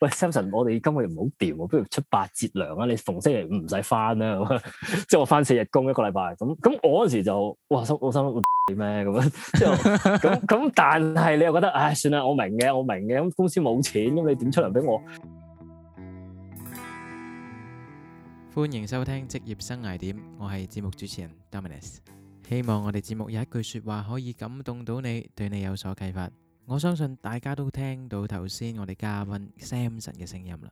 喂，Samson，我哋今日唔好掂，不如出八折糧啊！你逢星期五唔使翻啦，即 係我翻四日工一個禮拜。咁咁我嗰陣時就哇，心我心我咩咁樣？咁咁 但係你又覺得唉、哎，算啦，我明嘅，我明嘅。咁公司冇錢，咁你點出糧畀我？歡迎收聽職業生涯點，我係節目主持人 Dominus，希望我哋節目有一句說話可以感動到你，對你有所啟發。我相信大家都聽到頭先我哋嘉賓 Samson 嘅聲音啦。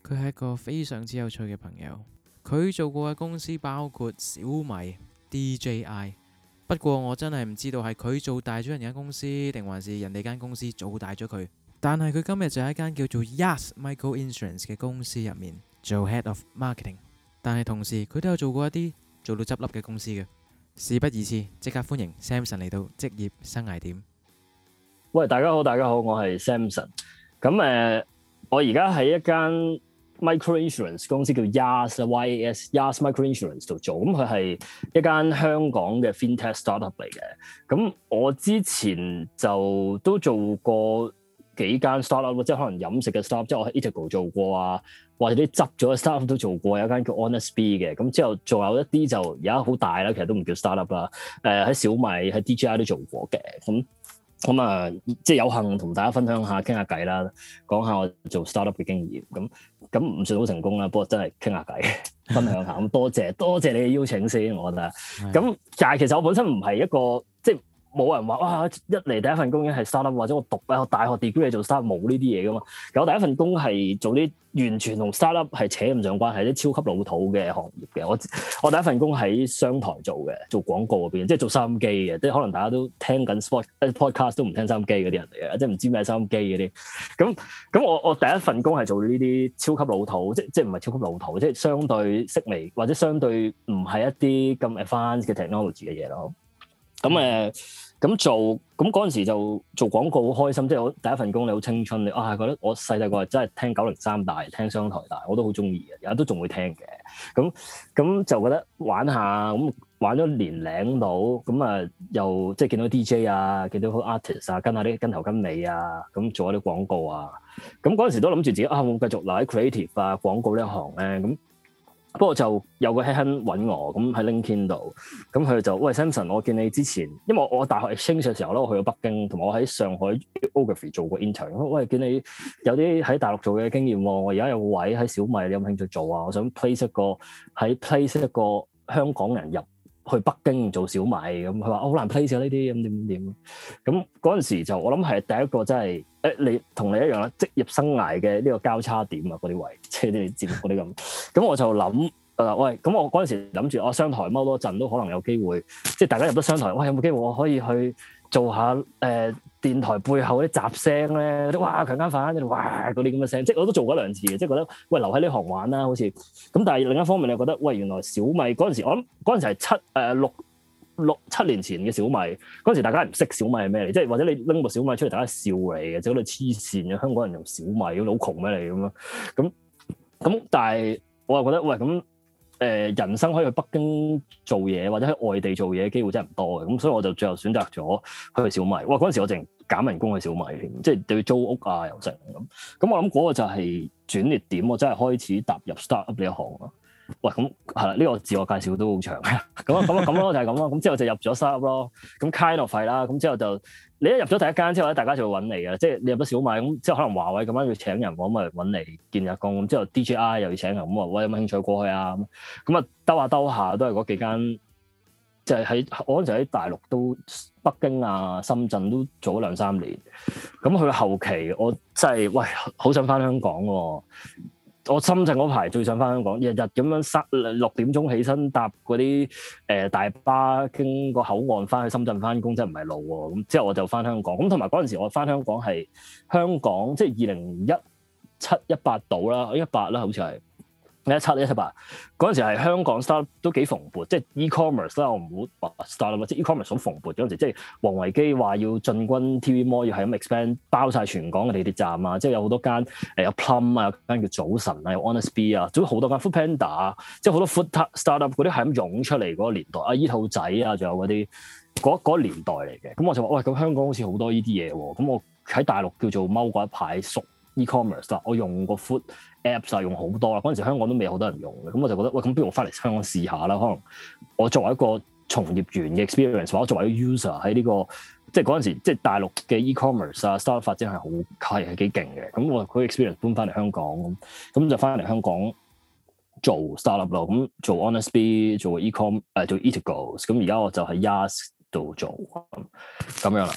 佢係一個非常之有趣嘅朋友。佢做過嘅公司包括小米、DJI。不過我真係唔知道係佢做大咗人間公司，定還是人哋間公司做大咗佢。但係佢今日就喺間叫做 YAS Micro Insurance 嘅公司入面做 Head of Marketing。但係同時佢都有做過一啲做到執笠嘅公司嘅。事不宜遲，即刻歡迎 Samson 嚟到職業生涯點。喂，大家好，大家好，我係 Samson。咁誒、呃，我而家喺一間 microinsurance 公司叫 Yas YAS Yas Microinsurance 度做，咁佢係一間香港嘅 FinTech startup 嚟嘅。咁我之前就都做過幾間 startup，即係可能飲食嘅 startup，即係我喺 Etago 做過啊，或者啲執咗嘅 startup 都做過，有一間叫 o n e s b 嘅。咁之後仲有一啲就而家好大啦，其實都唔叫 startup 啦。誒、呃，喺小米、喺 DJI 都做過嘅。咁。咁啊、嗯，即係有幸同大家分享下傾下偈啦，講下我做 startup 嘅經驗，咁咁唔算好成功啦，不過真係傾下偈，分享下。咁 多謝多謝你嘅邀請先，我覺得。咁的但係其實我本身唔係一個。冇人話哇，一嚟第一份工已經係 startup 或者我讀啊大學 degree 係做 startup 冇呢啲嘢㗎嘛。然後第一份工係做啲完全同 startup 係扯唔上關係啲超級老土嘅行業嘅。我我第一份工喺、就是、商台做嘅，做廣告嗰邊，即係做收音機嘅。即係可能大家都聽緊 sport podcast 都唔聽收音機嗰啲人嚟嘅，即係唔知咩收音機嗰啲。咁咁我我第一份工係做呢啲超級老土，即即係唔係超級老土，即係相對式微或者相對唔係一啲咁 advanced 嘅 technology 嘅嘢咯。咁誒。嗯咁做咁嗰陣時就做廣告好開心，即係我第一份工你好青春，你啊覺得我細細個真係聽九零三大聽商台大，我都好中意嘅，而家都仲會聽嘅。咁咁就覺得玩下咁玩咗年齡到咁啊，又即係見到 D J 啊，見到好多 artist 啊，跟下啲跟頭跟尾啊，咁做下啲廣告啊。咁嗰陣時都諗住自己啊，會繼續留喺 creative 啊廣告呢一行咧、啊、咁。不過就有個 h e n 揾，我咁喺 LinkedIn 度。咁佢 in 就，喂 Samson，我見你之前，因為我，我大學 exchange 嘅時候咧，我去咗北京，同埋我喺上海 ography 做過 intern，喂見你有啲喺大陸做嘅經驗喎，我而家有位喺小米，你有冇興趣做啊？我想 place 一個喺 place 一個香港人入。去北京做小米咁，佢話好難 place 啊，呢啲咁點點咁，嗰陣時就我諗係第一個真係，誒、欸、你同你一樣啦，職業生涯嘅呢個交叉點啊，嗰啲位，即係啲接嗰啲咁，咁我就諗誒，喂，咁我嗰陣時諗住我商台踎多陣都可能有機會，即係大家入咗商台，喂有冇機會我可以去？做下誒、呃、電台背後嗰啲雜聲咧，哇強奸犯，哇嗰啲咁嘅聲，即係我都做過兩次嘅，即係覺得喂留喺呢行玩啦，好似咁。但係另一方面你又覺得喂原來小米嗰陣時，我諗嗰陣時係七誒、呃、六六七年前嘅小米，嗰陣時大家唔識小米係咩嚟，即係或者你拎部小米出嚟大家笑你嘅，即係嗰度黐線嘅香港人用小米咁好窮咩你咁咯，咁咁但係我又覺得喂咁。那誒人生可以去北京做嘢或者喺外地做嘢機會真係唔多嘅，咁所以我就最後選擇咗去去小米。哇！嗰陣時我淨係減人工去小米，即係對租屋啊、油食咁。咁我諗嗰個就係轉捩點，我真係開始踏入 start up 呢一行咯。喂，咁係啦，呢、呢個自我介紹都好長嘅。咁啊咁啊咁咯，就係咁咯。咁之後就入咗 start up 咯，咁 kind 費啦，咁之後就。你一入咗第一間之後咧，大家就會揾你啊！即係你入咗小米，咁，之後可能華為咁樣要請人，咁咪揾嚟見日工。之後 DJI 又要請人，咁啊，喂有冇興趣過去啊？咁啊，兜下兜下都係嗰幾間，就係喺我嗰陣時喺大陸都北京啊、深圳都做咗兩三年。咁去到後期我真係喂，好想翻香港喎啊。我深圳嗰排最想翻香港，日日咁樣塞，六點鐘起身搭嗰啲誒大巴，經過口岸翻去深圳翻工，真係唔係路喎。咁之後我就翻香港，咁同埋嗰陣時我翻香港係香港，即係二零一七一八度啦，一八啦，好似係。一七一七八嗰陣時係香港 startup 都幾蓬勃，即係 e-commerce 啦，commerce，我唔好 startup，即係 e-commerce 好蓬勃嗰陣時，即係王維基話要進軍 TV mall，要係咁 expand，包晒全港嘅地鐵站啊，即係有好多間、欸、有 Plum 啊，間叫早晨啊，有 Honestbee 啊，總好多間 Food Panda，即係好多 food startup 嗰啲係咁湧出嚟嗰個年代，啊。姨、e、兔仔啊，仲有嗰啲嗰年代嚟嘅，咁我就話喂，咁香港好似好多呢啲嘢喎，咁我喺大陸叫做踎過一排熟。e-commerce 我用個 food apps 啊，用好多啦。嗰陣時香港都未好多人用嘅，咁我就覺得，喂，咁不如我翻嚟香港試下啦。可能我作為一個從業員嘅 experience，或者作為一個 user 喺呢、呢個，即係嗰陣時，即係大陸嘅 e-commerce 啊 startup 發展係好係係幾勁嘅。咁我佢 experience 搬翻嚟香港，咁咁就翻嚟香港做 startup 咯。咁做 Honestbee 做 e-com，誒做 Etago。咁而家我就喺 y a s 度做咁咁樣啦，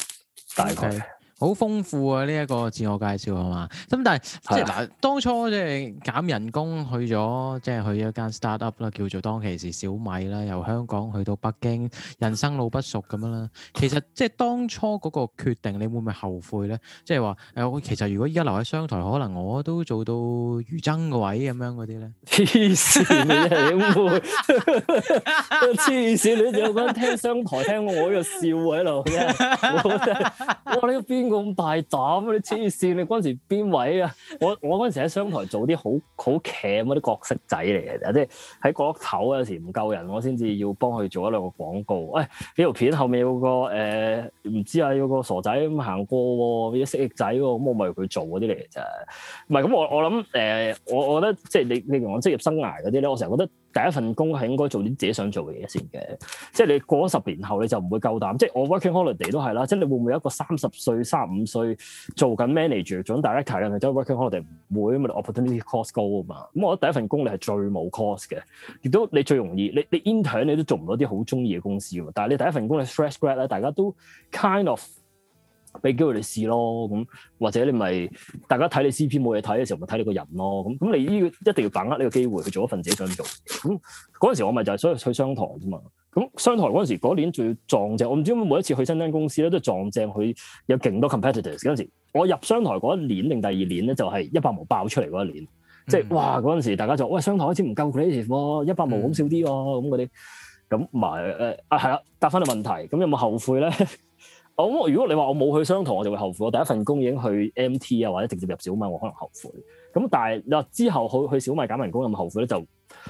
大概。好豐富啊！呢、這、一個自我介紹啊嘛，咁但係即係嗱，吧當初即係減人工去咗，即、就、係、是、去一間 startup 啦，叫做當其時小米啦，由香港去到北京，人生路不熟咁樣啦。其實即係當初嗰個決定，你會唔會後悔咧？即係話誒，我、呃、其實如果依家留喺商台，可能我都做到余爭個位咁樣嗰啲咧。黐線，你後悔？黐線，你仲有嗰陣聽商台聽過的，聽我喺度笑喺度。我呢、這個邊個咁大膽啊！啲黐線，你嗰陣時邊位啊？我我嗰陣時喺商台做啲好好鉗嗰啲角色仔嚟嘅，即係喺角落頭有時唔夠人，我先至要幫佢做一兩個廣告。喂、哎，呢條片後面有個誒，唔、呃、知啊，有個傻仔咁行過的，啲蜥蜴仔咁，我咪佢做嗰啲嚟嘅啫。唔係咁，我我諗誒，我我覺得即係你你我職業生涯嗰啲咧，我成日覺得。第一份工係應該做啲自己想做嘅嘢先嘅，即係你過咗十年後你就唔會夠膽。即係我 working holiday 都係啦，即係你會唔會有一個三十歲、三十五歲做緊 manager、做緊 director，然之後 working holiday 唔會，因為 opportunity cost 高啊嘛。咁我覺得第一份工你係最冇 cost 嘅，亦都你最容易，你你 intern 你都做唔到啲好中意嘅公司喎。但係你第一份工你 fresh grad 咧，大家都 kind of。俾機會你試咯，咁或者你咪大家睇你 CP 冇嘢睇嘅時候，咪睇你個人咯。咁咁你依個一定要把握呢個機會去做一份自己想做。咁嗰陣時我咪就係所以去商台啫嘛。咁商台嗰陣時嗰年仲要撞正，我唔知點解每一次去新興公司咧都撞正佢有勁多 competitors。嗰陣時我入商台嗰一年定第二年咧，就係一百毛爆出嚟嗰一年，嗯、即係哇嗰陣時大家就喂、欸、商台好似唔夠 creative 喎，一百毛好少啲喎咁嗰啲。咁埋誒啊係啦，答翻個問題，咁有冇後悔咧？咁，如果你話我冇去商湯，我就會後悔。我第一份工已經去 MT 啊，或者直接入小米，我可能後悔。咁但係你之後去去小米揀民工咁後悔咧，就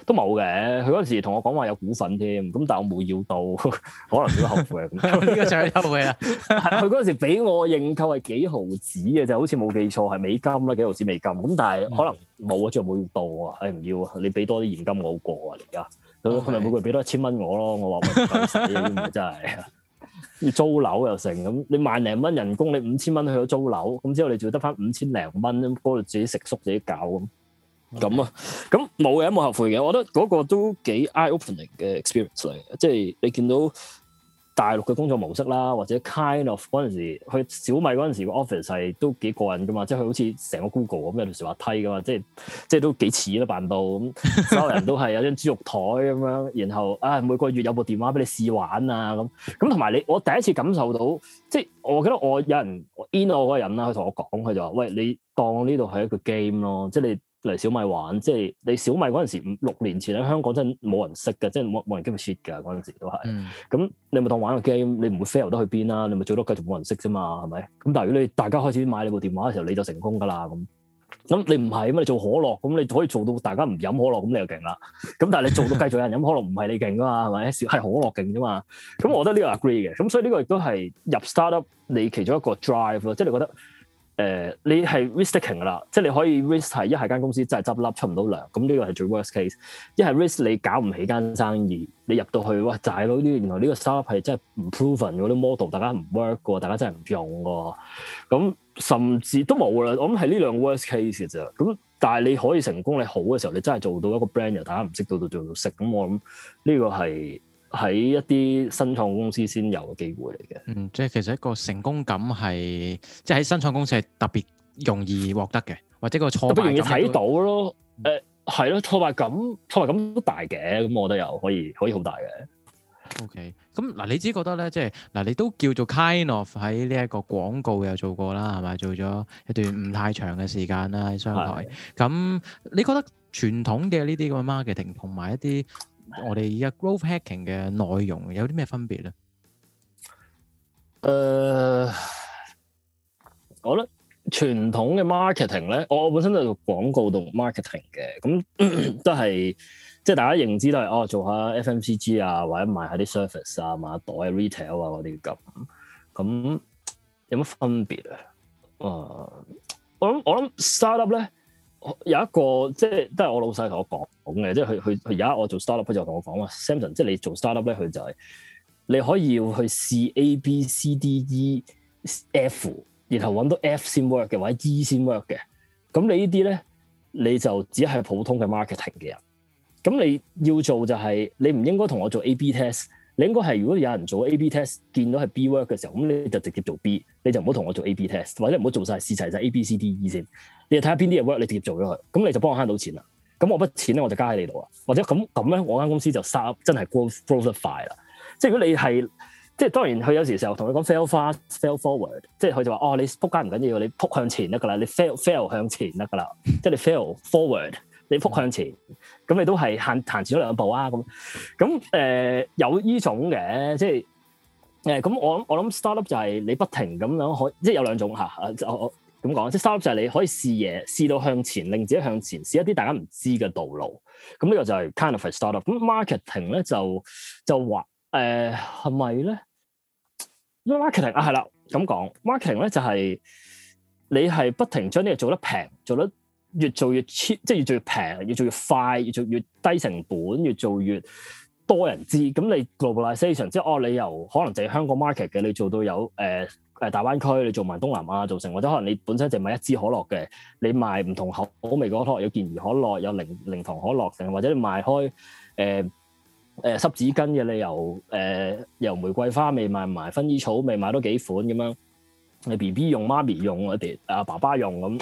都冇嘅。佢嗰時同我講話有股份添，咁但係我冇要到，可能少啲後悔啊。呢個就後悔啦，佢嗰陣時俾我認購係幾毫子嘅就好似冇記錯係美金啦，幾毫子美金。咁但係可能冇啊，仲冇要到啊，誒、哎、唔要啊，你俾多啲現金我好過啊，而家佢佢咪每個月俾多一千蚊我咯，我話唔夠使，真係。 租樓又成咁，你萬零蚊人工，你五千蚊去咗租樓，咁之後你仲要得翻五千零蚊咁，度自己食宿自己搞咁，咁啊，咁冇嘅冇後悔嘅，我覺得嗰個都幾 eye-opening 嘅 experience 嚟嘅，即係你見到。大陸嘅工作模式啦，或者 kind of 嗰陣時，佢小米嗰陣時嘅 office 係都幾過癮㗎嘛，即係佢好似成個 Google 咁有條滑梯㗎嘛，即係即係都幾似啦，辦到咁，所有人都係有張豬肉台咁樣，然後啊每個月有部電話俾你試玩啊咁，咁同埋你我第一次感受到，即係我記得我有人 in 我嗰人啦，佢同我講佢就話，喂，你當呢度係一個 game 咯，即係你。嚟小米玩，即係你小米嗰陣時，五六年前喺香港真係冇人識㗎，即係冇冇人跟佢 s h i t 嘅嗰陣時都係。咁你咪當玩個 game，你唔會 fail 得去邊啦？你咪最多繼續冇人識啫嘛，係咪？咁但係如果你大家開始買你部電話嘅時候，你就成功噶啦咁。咁你唔係咁，你做可樂，咁你可以做到大家唔飲可樂，咁你又勁啦。咁但係你做到繼續有人飲可樂，唔係你勁噶嘛，係咪？係可樂勁啫嘛。咁我覺得呢個 agree 嘅。咁所以呢個亦都係入 start up 你其中一個 drive 咯，即係你覺得。呃、你係 risking 啦，即係你可以 risk 係一係間公司真係執笠出唔到糧，咁呢個係最 worst case；一係 risk 你搞唔起間生意，你入到去哇大佬，呢啲，原來呢個 startup 係真係唔 proven 嗰啲 model，大家唔 work 㗎，大家真係唔用㗎，咁甚至都冇啦。我諗係呢兩個 worst case 啫。咁但係你可以成功，你好嘅時候，你真係做到一個 brand，又大家唔識到到做到識。咁我諗呢個係。喺一啲新創公司先有嘅機會嚟嘅，嗯，即係其實一個成功感係，即係喺新創公司係特別容易獲得嘅，或者個挫敗感容易睇到咯，誒都，係咯、嗯，挫敗感挫敗感都大嘅，咁我覺得又可以可以好大嘅。OK，咁嗱，你自己覺得咧，即係嗱，你都叫做 kind of 喺呢一個廣告又做過啦，係咪做咗一段唔太長嘅時間啦？喺商台，咁的你覺得傳統嘅呢啲咁嘅 marketing 同埋一啲。我哋而家 growth hacking 嘅內容有啲咩分別咧？誒、uh,，我覺得傳統嘅 marketing 咧，我本身就做廣告同 marketing 嘅，咁 都係即係大家認知都係哦，做下 FMCG 啊，或者賣下啲 service 啊，賣下袋 retail 啊嗰啲咁，咁有乜分別啊？誒、uh,，我諗我諗 startup 咧。有一個即係都係我老細同我講嘅，即係佢佢佢而家我做 startup 佢就同我講話，Samson，即係你做 startup 咧，佢就係你可以要去試 A B C D E F，然後揾到 F 先 work 嘅或者 E 先 work 嘅，咁你呢啲咧你就只係普通嘅 marketing 嘅人，咁你要做就係、係、你唔應該同我做 A B test。你應該係如果有人做 A/B test，見到係 B work 嘅時候，咁你就直接做 B，你就唔好同我做 A/B test，或者唔好做晒試齊曬 A、B、C、D、E 先。你睇下邊啲嘢 work，你直接做咗佢，咁你就幫我慳到錢啦。咁我筆錢咧，我就加喺你度啊。或者咁咁咧，我間公司就收真係 grow 得快啦。即係如果你係即係當然，佢有時時候同你講 fail fail forward，即係佢就話哦，你撲街唔緊要，你撲向前得噶啦，你 fail fail 向前得噶啦，即係你 fail forward。 你覆向前，咁你都係行行前咗兩步啊！咁咁、呃、有呢種嘅，即係誒咁我想我諗 startup 就係你不停咁樣可以，即係有兩種吓，啊！就咁講，即係 startup 就係你可以試嘢，試到向前，令自己向前，試一啲大家唔知嘅道，道路。咁呢個就係 kind of a startup。咁 marketing 咧就就話誒係咪咧？marketing 啊係啦，咁講 marketing 咧就係、是、你係不停將啲嘢做得平，做得。越做越 cheap，即係越做越平，越做越快，越做越低成本，越做越多人知。咁你 globalization 即係哦，你由可能就係香港 market 嘅，你做到有誒誒、呃、大灣區，你做埋東南亞，造成或者可能你本身就賣一支可樂嘅，你賣唔同口味嗰個可樂，有健怡可樂，有零零糖可樂，定或者你賣開誒誒、呃呃、濕紙巾嘅，你由誒、呃、由玫瑰花味賣埋薰衣草味，賣多幾款咁樣。你 B B 用，媽咪用，我哋啊爸爸用咁。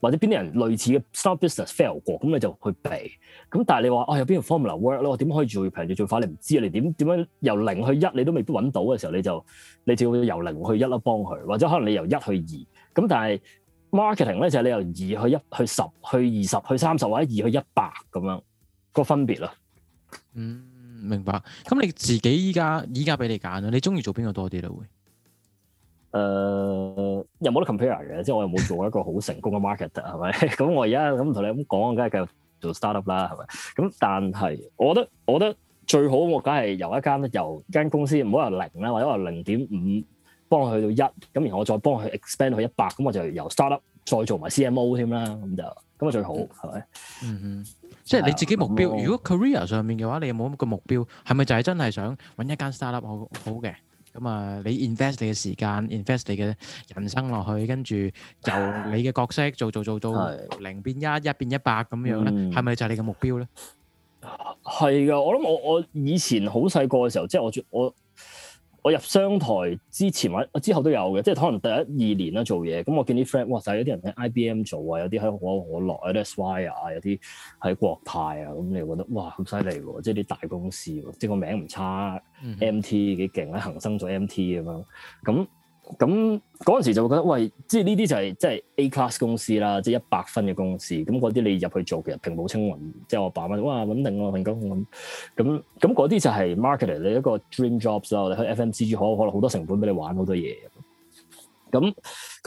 或者邊啲人類似嘅 start business fail 過，咁你就去避。咁但係你話啊，有邊個 formula work 咧？我點可以做平做最快？你唔知啊，你點點樣由零去一，你都未必揾到嘅時候，你就你就要由零去一啦，幫佢。或者可能你由一去二，咁但係 marketing 咧就係、是、你由二去一、去十、去二十、去三十，或者二去一百咁樣個分別啦。嗯，明白。咁你自己依家依家俾你揀啊，你中意做邊個多啲咧會？誒、呃、又冇得 compare 嘅，即係 我又冇做一個好成功嘅 market，係咪？咁 我而家咁同你咁講，梗係繼續做 startup 啦，係咪？咁但係我覺得我覺得最好，我梗係由一間由一間公司，唔好話零啦，或者話零點五幫佢去到一，咁然後我再幫佢 expand 去一百，咁我就由 startup 再做埋 CMO 添啦，咁就咁就最好，係咪？嗯嗯，即係你自己目標。嗯、如果，那我 如果 career 上面嘅話，你有冇一個目標，係咪就係真係想揾一間 startup 好好嘅？咁啊，你 invest 你嘅時間，invest 你嘅人生落去，跟住由你嘅角色做做做到零變一，一變一百咁樣咧，係咪、嗯、就係你嘅目標咧？係噶，我諗我我以前好細個嘅時候，即係我我。我我入商台之前或者我之後都有嘅，即係可能第一二年啦做嘢，咁我見啲 friend，哇！就係有啲人喺 IBM 做啊，有啲香港，我落啊 l e s f y 啊，有啲喺國泰啊，咁你覺得哇！好犀利喎，即係啲大公司，即係個名唔差、嗯、MT 幾勁咧，恒生做 MT 啊嘛，咁。咁嗰陣時就會覺得，喂，即係呢啲就係即係 A class 公司啦，即係一百分嘅公司。咁嗰啲你入去做其實平步青雲，即係我爸媽，哇，穩定咯份工咁。咁咁嗰啲就係 market 你一個 dream jobs 啊，你去 FMCG 可可能好，好多成本俾你玩好多嘢。咁咁、嗯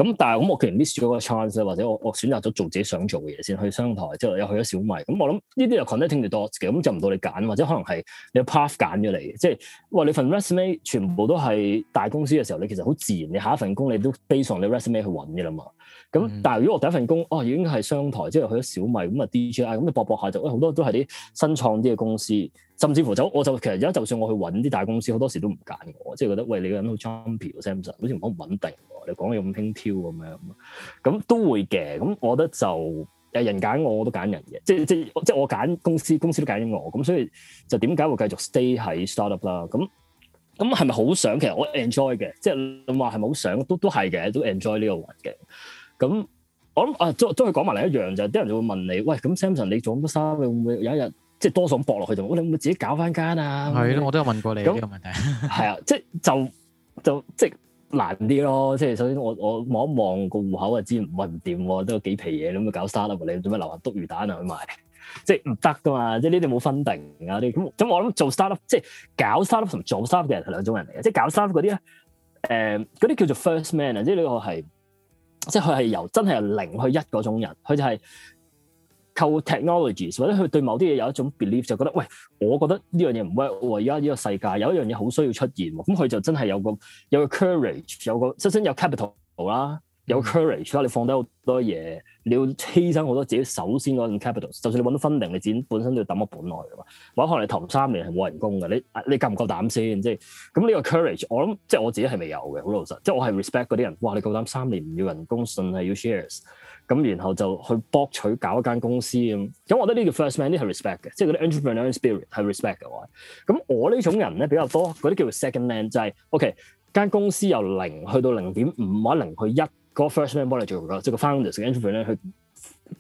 嗯，但係咁、嗯、我既然 miss 咗個 chance 或者我我選擇咗做自己想做嘅嘢先，去商台之後又去咗小米。咁、嗯、我諗呢啲就 connecting the dots 嘅，咁就唔到你揀，或者可能係你 path 揀咗嚟嘅。即、就、係、是、哇，你份 resume 全部都係大公司嘅時候，你其實好自然，你下一份工你都 based on 你 resume 去揾嘅啦嘛。咁，嗯、但如果我第一份工，哦，已經係商台，即係去咗小米咁啊，DJI 咁就搏、是、搏下就，喂、哎，好多都係啲新創啲嘅公司，甚至乎就我就，我就其實而家就算我去揾啲大公司，好多時都唔揀我，即係覺得，喂，你個人好 jumpy 好似唔好穩定，你講嘢咁輕佻咁樣，咁都會嘅。咁我覺得就誒人揀我，我都揀人嘅，即係即我即我揀公司，公司都揀我。咁所以就點解會繼續 stay 喺 startup 啦？咁咁係咪好想？其實我 enjoy 嘅，即係話係咪好想？都都係嘅，都，都 enjoy 呢個環境。咁我諗啊，即係係講埋嚟一樣就是，啲人就會問你，喂，咁 Samson 你做咁多 startup 會唔會有一日即係多數咁搏落去，同你會唔會自己搞翻間啊？係咯，我都有問過你呢那個問題。係的 啊，即係就就即係難啲咯。即係首先我我望一望個戶口啊，知唔係唔掂喎，都幾皮嘢咁樣搞 startup 你做咩留下篤魚蛋啊去賣？即係唔得噶嘛，即係呢啲冇 funding 啊啲咁。咁我諗做 startup，即係搞 startup 同做 startup 嘅人係兩種人嚟嘅，即係搞 startup 嗰啲咧，誒嗰啲叫做 first man，即係呢個係。即係佢係由真係由零去一種人，佢就係靠 technologies 或者佢對某啲嘢有一種 belief，就覺得喂，我覺得呢樣嘢唔得，我而家呢個世界有一樣嘢好需要出現，喎，咁佢就真係有個有個 courage，有個首先有 capital 啦。有 courage 啦，你放低好多嘢，你要犧牲好多自己首先嗰 capital。就算你揾到分零，你自己本身都要抌咗本落去嘛。或者可能你頭三年係冇人工嘅，你你夠唔夠膽先？即係咁呢個 courage，我諗即係我自己係未有嘅，好老實。即係我係 respect 嗰啲人，哇！你夠膽三年唔要人工，信係要 shares，咁然後就去博取搞一間公司咁。咁我覺得呢個 first man 啲係 respect 嘅，即係嗰啲 entrepreneurial spirit 係 respect 嘅話。咁我呢種人咧比較多，嗰啲叫做 second man 就係 OK 間公司由零去到零點五或零去一。個 first man 幫你做噶，即、就、係、是、個 founders 嘅 entrepreneur 咧，佢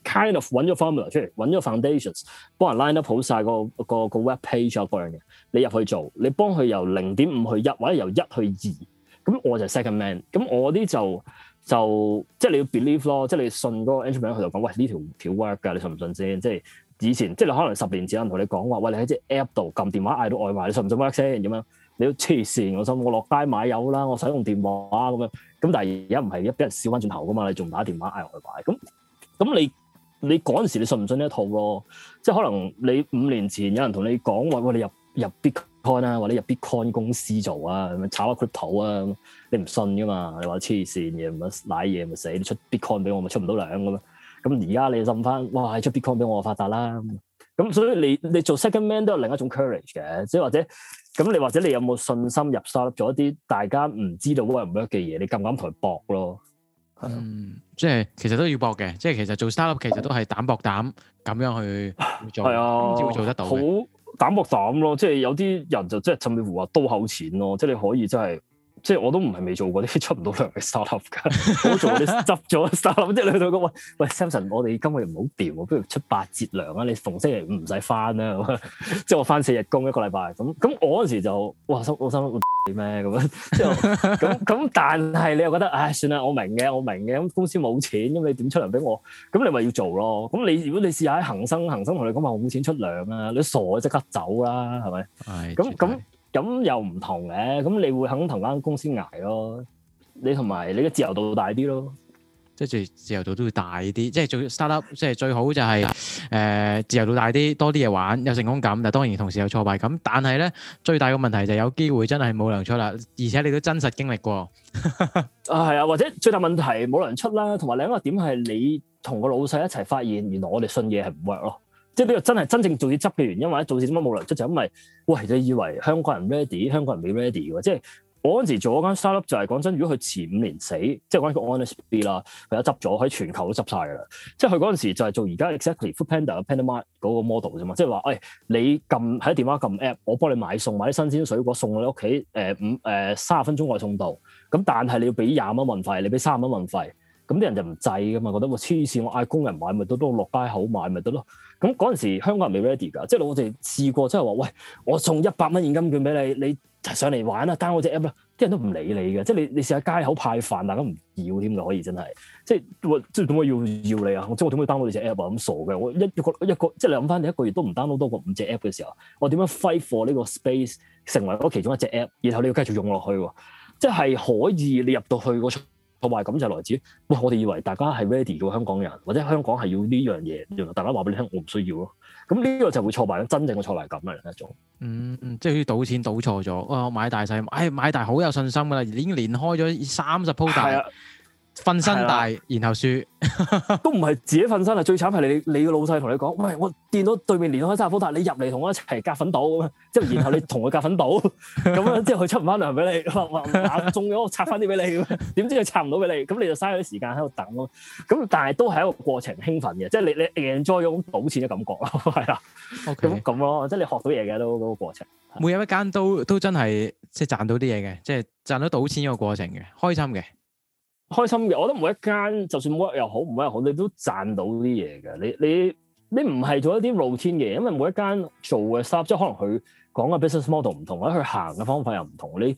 kind of 揾咗 formula 出嚟，揾咗 foundations，幫人 line up 好晒、個個個 web page 啊嗰樣嘅你入去做，你幫佢由零點五去一，或者由一去二。咁我就 second man 就。咁我啲就就即、是、係你要 believe 咯，即、就、係、是、你信嗰個 entrepreneur 佢就講：喂，呢條條 work 㗎、啊，你信唔信先？即係以前，即係你可能十年前有人同你講話，喂，你喺隻 app 度撳電話嗌到外賣，你信唔信 work 先、啊？咁樣你要黐線，我想我落街買油啦，我使用電話咁、啊、樣。咁但係而家唔係一俾人笑翻轉頭噶嘛，你仲打電話嗌我去買，咁咁你你嗰陣時你信唔信呢一套咯、啊？即係可能你五年前有人同你講話，喂，你入入 Bitcoin 啊，或者入 Bitcoin 公司做啊，炒下 crypto 啊你唔信噶嘛？你話黐線嘅，唔係買嘢咪死？你出 Bitcoin 俾我咪出唔到糧咁咯。咁而家你諗翻，哇！你出 Bitcoin 俾我，我發達啦。咁所以你你做 second man 都有另一種 courage 嘅，即係或者咁你或者你有冇信心入 startup 做一啲大家唔知道 why 唔得嘅嘢？你咁敢同佢搏咯，嗯，即係其實都要搏嘅，即係其實做 startup 其實都係膽博膽咁樣去做先知呀會做得到，好膽博膽咯，即係有啲人就即係甚至乎話刀口錢咯，即係你可以真係。即係我都唔係未做過啲出唔到糧嘅 startup 㗎，好做哋執咗 startup。即係兩度講，喂 Samson，我哋今個月唔好掂，不如出八折糧啊，你逢星期五唔使翻啦， 即係我翻四日工一個禮拜。咁咁我嗰時就哇，心我心乜嘢咩咁樣？之後，咁咁但係你又覺得唉、哎，算啦，我明嘅，我明嘅。咁公司冇錢，咁你點出糧俾我？咁你咪要做咯。咁你如果你試下喺恒生，恒生同你講話我冇錢出糧啊，你傻即刻走啦，啊，係咪？咁咁。 咁又唔同嘅，咁你會肯同間公司挨咯，你同埋你嘅自由度大啲咯，即係自由度都會大啲，即係做 startup，即係最好就係、是、誒、 呃、自由度大啲，多啲嘢玩，有成功感，但當然同時有挫敗感。但係咧最大嘅問題就有機會真係冇糧出啦，而且你都真實經歷過啊，係 啊，或者最大問題冇糧出啦，同埋另外一個點係你同個老細一齊發現原來我哋信嘢係唔 work 咯。即係呢個真係真正做嘢執嘅原因，或者做事點解冇人執，就因為喂你以為香港人 ready，香港人未 ready 嘅喎。即係我嗰陣時做嗰間 startup，就係講真，如果佢前五年死，即係講一個 honest 啲啦，佢一執咗喺全球都執晒嘅啦。即係佢嗰陣時就係做現在而家 exactly food panda panda mart 嗰個 model 啫嘛。即係話誒，你撳喺電話撳 app，我幫你買餸，買啲新鮮水果送你屋企。誒五誒卅分鐘內送到。咁但係你要俾廿蚊運費，你俾三十蚊運費。咁啲人就唔制噶嘛，覺得我黐線，我嗌工人買咪都都落街口買咪得咯。咁嗰陣時香港人未 ready 噶，即係我哋試過，即係話喂，我送一百蚊現金券俾你，你上嚟玩啦 d o w n 我隻 app 啦。啲人都唔理你嘅，即係你你試下街口派飯，大家唔要添㗎，可以真係，即係即係點解要要你啊？即係我點解 down 到你隻 app 啊？咁傻嘅，我，app，我一,一個一個，即係你諗翻你一個月都唔 down l o a d 多過五隻 app 嘅時候，我點樣揮霍呢個 space 成為咗其中一隻 app？然後你要繼續用落去喎，即係可以你入到去個。挫敗感就來自，哇！我哋以為大家係 ready 嘅香港人，或者香港係要呢樣嘢，原來大家話俾你聽，我唔需要咯。咁呢個就會挫敗，真正嘅挫敗感咪一得。嗯嗯，即係好似賭錢賭錯咗，哇、哦！買大細，哎，買大好有信心噶啦，已經連開咗三十鋪大。瞓身大，的然後輸都唔係自己瞓身啊！ 最慘係你你個老細同你講，喂，我見到對面連開三舖大，你入嚟同我一齊夾份賭咁啊，之後然後你同佢夾份賭咁啊，之 後佢出唔翻糧俾你，話 中咗，我拆翻啲俾你，點知佢拆唔到俾你，咁你就嘥咗時間喺度等咯。咁但係都係一個過程興奮嘅，即係你你 enjoy 咗賭錢嘅感覺咯，係啦。咁咯 Okay.，即係你學到嘢嘅都個過程。每一間都 都真係即係賺到啲嘢嘅，即係賺到賭錢個過程嘅，開心嘅。開心嘅，我覺得每一間就算 work 又好唔 work 又好，你都賺到啲嘢嘅。你你你唔係做一啲 routine 嘅，因為每一間做嘅 shop，即係可能佢講嘅 business model 唔同，或者佢行嘅方法又唔同。你誒、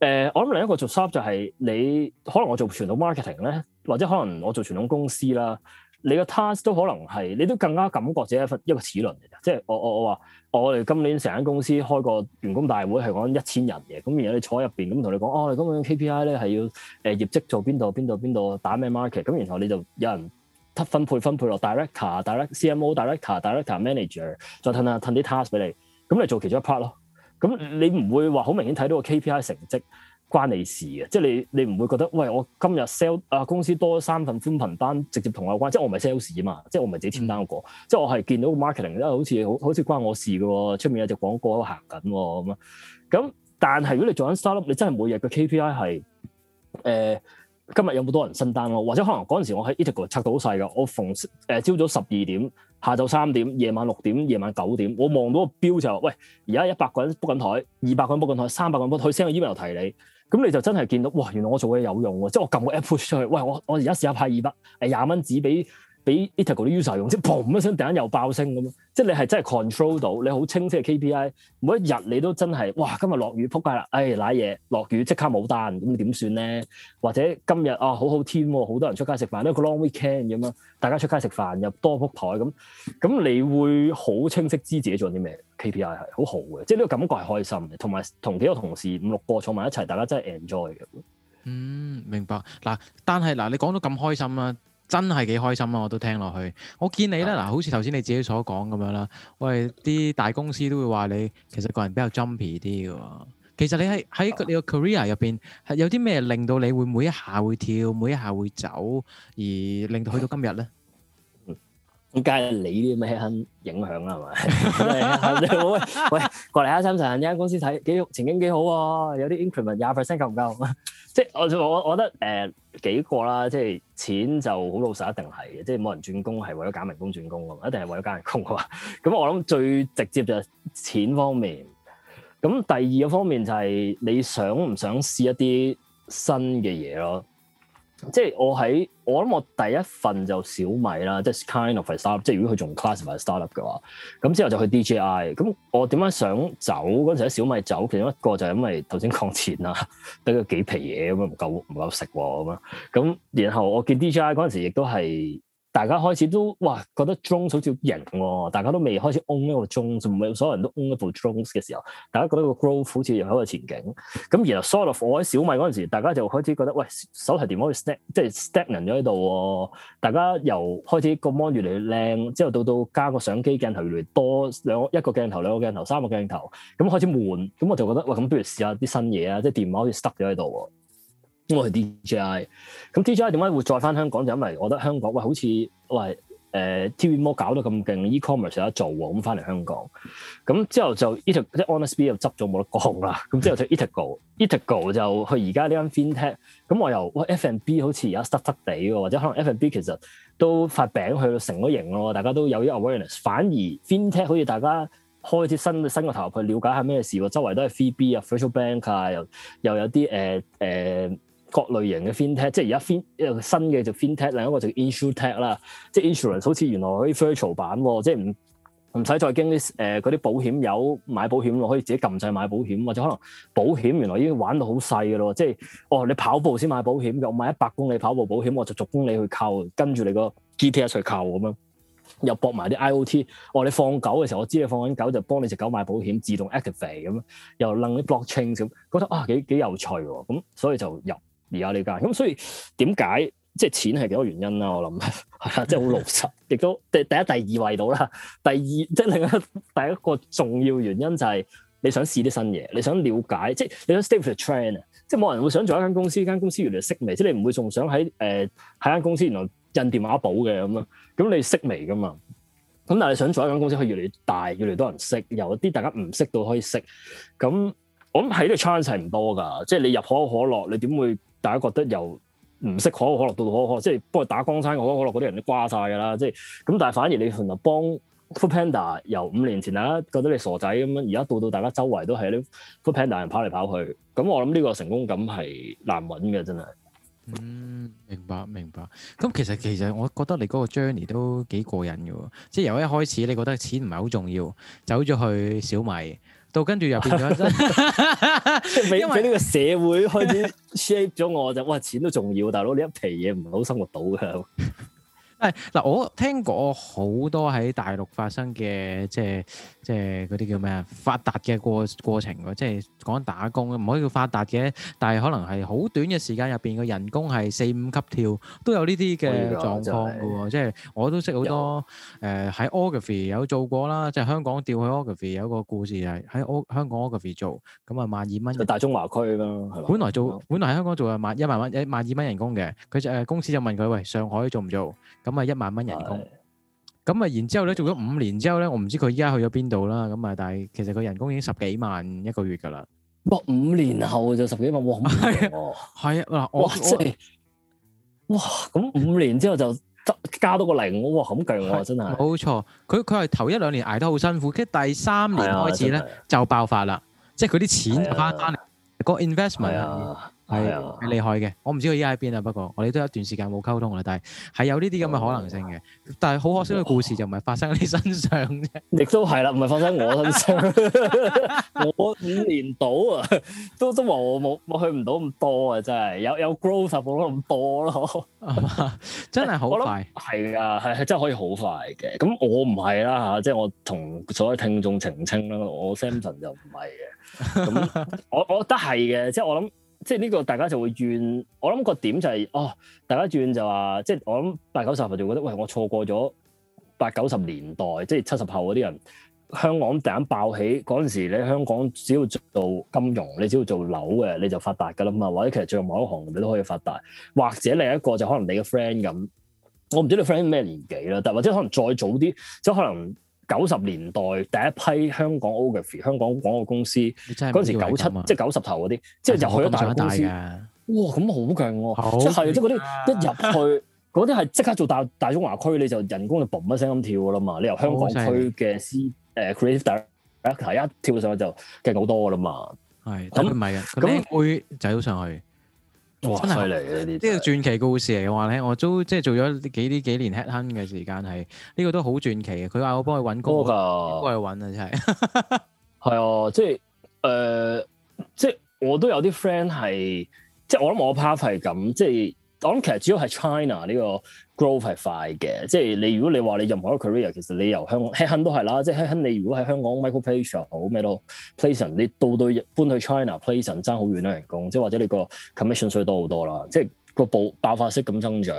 呃，我諗另一個做 shop 就係你可能我做傳統 marketing 咧，或者可能我做傳統公司啦。你個 task 都可能係，你都更加感覺自己係一一個齒輪嚟㗎，即係我我我話，我哋今年成間公司開個員工大會係講一千人嘅，咁然後你坐喺入邊，咁同你講，哦，咁樣 KPI 咧係要誒業績做邊度邊度邊度打咩 market，咁然後你就有人分分配分配落 dire direct, director、director CMO、director、director manager，再 t 下 r 啲 task 俾你，咁你做其中一 part 咯，咁你唔會話好明顯睇到個 KPI 成績。關你事嘅，即係你你唔會覺得，喂！我今日 sell 啊公司多三份寬頻單，直接同我有關，即係我唔係 sales 啊嘛，即係我唔係自己簽單個，即係我係見到個 marketing，因為好似好好似關我事嘅喎，出面有一隻廣告喺度行緊喎咁啊，咁但係如果你做緊 startup，你真係每日嘅 KPI 係：呃「誒，今日有冇多人新單咯？或者可能嗰陣時我喺 Etago 拆到好細㗎，我逢誒朝、呃、早十二點、下晝三點、夜晚六點、夜晚九點，我望到個表就話、是，喂！而家一百個人 book 緊台，二百個人 book 緊台，三百個人 book 台，佢 send 個 email 提你。咁你就真係見到，哇！原來我做嘢有用喎、啊，即係我撳個 app push 出去，喂！我我而家試下派二百誒廿蚊紙俾。俾 Etago 啲 user 用，即係砰一聲，突然間又爆升咁咯，即係你係真係 control 到，你好清晰嘅 KPI，每一日你都真係，哇，今日落雨撲街啦，哎，瀨嘢，落雨即刻冇單，咁點算咧？或者今日啊、哦，好好天、啊，好多人出街食飯，一個 long weekend 咁啊，大家出街食飯又多鋪台，咁咁你會好清晰知自己做啲咩 KPI，係好好嘅，即係呢個感覺係開心嘅，同埋同幾個同事五六個坐埋一齊，大家真係 enjoy 嘅。嗯，明白。嗱，但係嗱，你講到咁開心啦、啊。真係幾開心啊！我都聽落去。我見你咧，嗱的，好似頭先你自己所講咁樣啦。喂，啲大公司都會話你其實個人比較 jumpy 啲嘅。其實你喺喺你個 career 入邊，有啲咩令到你會每一下會跳，每一下會走，而令到去到今日呢？咁梗係你啲咩影響啦，係咪？ 喂，過嚟啊，Samson，呢間公司睇幾前景幾好喎，啊，有啲 increment 廿 percent 夠唔夠？足足 即係我就我覺得誒、呃、幾個啦，即係錢就好老實一是是工工，一定係嘅。即係冇人轉工係為咗減人工轉工噶嘛，一定係為咗加人工啊嘛。咁我諗最直接就係錢方面。咁第二個方面就係你想唔想試一啲新嘅嘢咯？即係我喺我諗，我第一份就小米啦，即係 kind of startup。Up，即係如果佢仲 classify startup 嘅話，咁之後就去 DJI。咁我點解想走嗰陣時喺小米走？其中一個就係因為頭先講錢啦，得個幾皮嘢咁樣唔夠唔夠食喎咁啊。咁然後我見 DJI 嗰陣時亦都係。大家開始都哇覺得 drone 好似型喎，大家都未開始 own 一個 drone，唔係所有人都 own 一部 drone 嘅時候，大家覺得個 growth 好似有個前景。咁然後 sort of 我喺小米嗰陣時，大家就開始覺得喂，手提電話 stack 即係 step 咗喺度喎。大家由開始個 mon 越嚟越靚，之後到到加個相機鏡頭越嚟越多，兩個一個鏡頭、兩個鏡頭、三個鏡頭，咁開始悶，咁我就覺得喂，咁不如試下啲新嘢啊，即係電話可以 step 咗喺度喎。咁我係 DJI，咁 DJI 點解會再翻香港？就因為我覺得香港喂，好似喂誒、呃、TVMO 搞得咁勁，e-commerce 有得做喎，咁翻嚟香港。咁之， 之後就 e t 即 HonestBee 又執咗冇得講啦。咁之後就 Etago，Etago 就去而家呢間 FinTech。咁我又喂 F&B 好似有得突突地喎，或者可能 F&B 其實都發餅去到成個型咯。大家都有啲 awareness，反而 FinTech 好似大家開始新新個頭去了解下咩事喎。周圍都係 FB 啊、Virtual Bank 啊，又又有啲誒誒。呃呃各類型嘅 fin tech，即係而家新嘅就 fin tech，另一個就 insure tech 啦，即係 insurance 好似原來可以 virtual 版喎，即係唔唔使再經啲誒嗰啲保險友買保險可以自己撳掣買保險，或者可能保險原來已經玩到好細嘅咯，即係哦你跑步先買保險又買買一百公里跑步保險，我就逐公里去扣，跟住你個 GPS 去扣咁樣，又搏埋啲 IOT，哦你放狗嘅時候，我知你放緊狗，就幫你隻狗買保險，自動 activate 咁，又楞啲 blockchain 咁，覺得啊、哦、幾幾有趣喎，咁所以就入。而家呢間咁，所以點解即係錢係幾多個原因啦？我諗係啦，即係好老實，亦 都第第一、第二位到啦。第二即係另一第一個重要原因就係你想試啲新嘢，你想了解，即係你想 stay with the trend。即係冇人會想做一間公司，一間公司原嚟識微，即係你唔會仲想喺誒喺間公司原來印電話簿嘅咁啊。咁你識微噶嘛？咁但係你想做一間公司，可以越嚟越大，越嚟越多人識，有啲大家唔識都可以識咁。我諗喺呢個 chance 係唔多㗎，即係你入可口可樂，你點會大家覺得又唔識可口可樂到到可可，即係幫打江山可口可樂嗰啲人都瓜晒㗎啦，即係咁。但係反而你同來幫 Foodpanda 由五年前大家覺得你傻仔咁樣，而家到到大家周圍都係啲 Foodpanda 人跑嚟跑去，咁我諗呢個成功感係難揾嘅，真係。嗯，明白，明白。咁其實其實我覺得你嗰個 Journey 都幾過癮嘅，即係由一開始你覺得錢唔係好重要，走咗去小米。到跟住又變咗，真嗰陣，因為呢 個社會開始 shape 咗我就，哇！錢都重要，大佬你一皮嘢唔係好生活到嘅。 誒嗱，我聽過好多喺大陸發生嘅，即係即係嗰啲叫咩啊？發達嘅過過程喎，即係講打工啊，唔可以叫發達嘅，但係可能係好短嘅時間入邊嘅人工係四五級跳，都有呢啲嘅狀況嘅喎，即係我都識好多誒喺 Agave 有做過啦，即係香港調去 Agave 有個故事係喺澳香港 Agave 做，咁啊萬二蚊。喺大中華區咯，係嘛？本來做本來喺香港做啊萬一萬蚊一萬二蚊人工嘅，佢就誒公司就問佢喂，上海做唔做？咁啊一萬蚊人工，咁啊的然之後咧做咗五年之後咧，我唔知佢依家去咗邊度啦。咁啊，但係其實佢人工已經十幾萬一個月噶啦。哇，五年後就十幾萬哇，係啊，我哇，咁哇五年之後就加到個零，哇，好勁啊真係。冇錯，佢佢係頭一兩年捱得好辛苦，跟住第三年開始咧就爆發啦，即係佢啲錢就翻翻嚟個 investment。係，幾厲害嘅。我唔知佢依家喺邊啊，不過我哋都有一段時間冇溝通啦，但係係有呢啲咁嘅可能性嘅。但係好可惜嘅故事就唔係發生喺你身上，亦都係啦，唔係發生我身上。 我五年到啊，都都話我冇冇去唔到咁多啊，真係有有 growth 冇咁多咯， 真係好快。係啊，係真係可以好快嘅。咁我唔係啦吓，即係我同所有聽眾澄清啦，我 Samson 就唔係嘅。咁我我覺得係嘅，即係我諗。我即係呢個大家就會怨。我諗個點就係、是、哦，大家轉就話，即係我諗八九十年代就覺得，喂，我錯過咗八九十年代，即係七十後嗰啲人，香港突然間爆起嗰陣時，你香港只要做金融，你只要做樓嘅，你就發達噶啦嘛，或者其實做某一行你都可以發達，或者另一個就可能你嘅 friend 咁，我唔知你 friend 咩年紀啦，但係或者可能再早啲，即係可能。九十年代第一批香港 Ogilvy 香港廣告公司，嗰陣時九七即係九十頭嗰啲，之後就去咗大陸大嘅。哇！咁、啊、好勁喎、啊，係即係嗰啲一入去，嗰啲係即刻做大大中華區，你就人工就嘣一聲咁跳啦嘛。你由香港區嘅師誒 Creative Director, 一提一跳上去就勁好多噶啦嘛。係咁唔係嘅，咁會走上去。哇！真係嚟呢啲，即係傳奇故事嚟嘅話咧，我都即係做咗幾呢幾年 head hunt 嘅時間係，呢個都好傳奇。佢嗌我幫佢揾工，多㗎，幫佢揾啊！真係係啊，即係誒，即係我都有啲 friend 係，即係我諗我 partner 係咁，即係我諗其實主要係 China 呢個。Growth 係快嘅，即係你如果你話你任何一個 career，其實你由香港 hecken 都係啦，即係 hecken 你如果喺香港 micro placement 好咩咯 placement 你到到搬去 China placement 爭好遠啦、啊、人工，即係或者你個 commission 水多好多啦，即係個暴爆發式咁增長。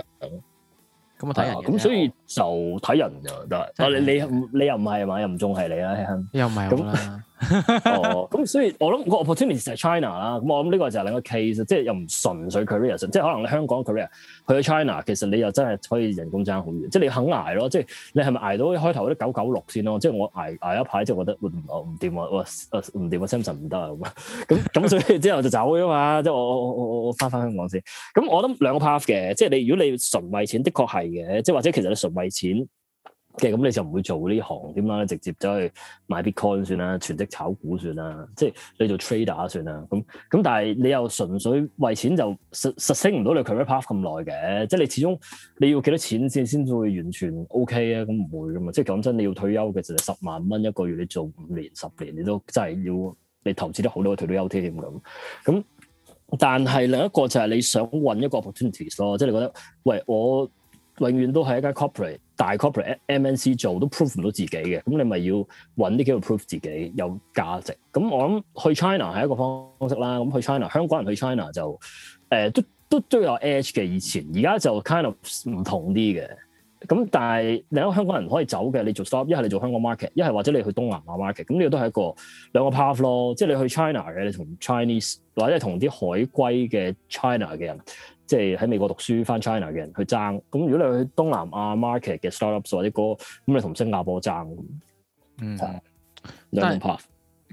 咁我睇下，咁、啊、所以就睇人㗎，但你你你又唔係嘛，又唔仲係你啦 hecken 又唔係咁。 哦，咁、 oh，所以我諗個 opportunity 喺 China 啦，咁我諗呢個就係兩個 case，即係又唔純粹 career，純即係可能你香港 career 去咗 China，其實你又真係可以人工爭好遠，即係你肯挨咯，即係你係咪挨到開頭嗰啲九九六先咯？即係我挨挨一排，即係覺得唔掂啊，唔掂啊，薪酬唔得咁，咁咁所以之後就走咗嘛，即係我我我我翻翻香港先。咁我諗兩個 path 嘅，即係你如果你純為錢，的確係嘅，即係或者其實你純為錢。嘅咁你就唔會做呢行，點解咧？直接走去買 Bitcoin 算啦，全職炒股算啦，即係你做 trade 打算啦。咁咁，但係你又純粹為錢就實實升唔到你 career path 咁耐嘅，即係你始終你要幾多錢先先會完全 OK 啊？咁唔會噶嘛？即係講真，你要退休嘅就係十萬蚊一個月，你做五年十年，你都真係要你投資得好多可退到休添咁。咁但係另一個就係你想揾一個 opportunities 咯，即係你覺得喂，我永遠都係一間 corporate。大 corporate MNC 做都 prove 唔到自己嘅，咁你咪要揾啲機會 prove 自己有價值。咁我諗去 China 係一個方式啦。咁去 China 香港人去 China 就、呃、都都都有 edge 嘅以前，而家就 kind of 唔同啲嘅。咁但係你香港人可以走嘅，你做 startup，一係你做香港 market，一係或者你去東南亞 market。咁呢個都係一個兩個 path 咯，即係你去 China 嘅，你同 Chinese 或者係同啲海歸嘅 China 嘅人。即係喺美國讀書翻 China 嘅人去爭，咁如果你去東南亞 market 嘅 startups 或者嗰、嗰個，咁你同新加坡爭。嗯，但係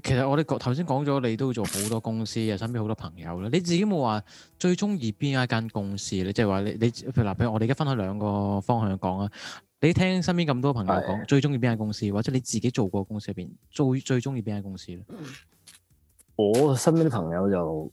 其實我哋頭先講咗，你都做好多公司，又身邊好多朋友咧。你自己冇話最中意邊一間公司咧？即係話你你，嗱，譬如我哋而家分開兩個方向講啊。你聽身邊咁多朋友講的最中意邊間公司，或者你自己做過公司入邊做最中意邊間公司咧？我身邊啲朋友就。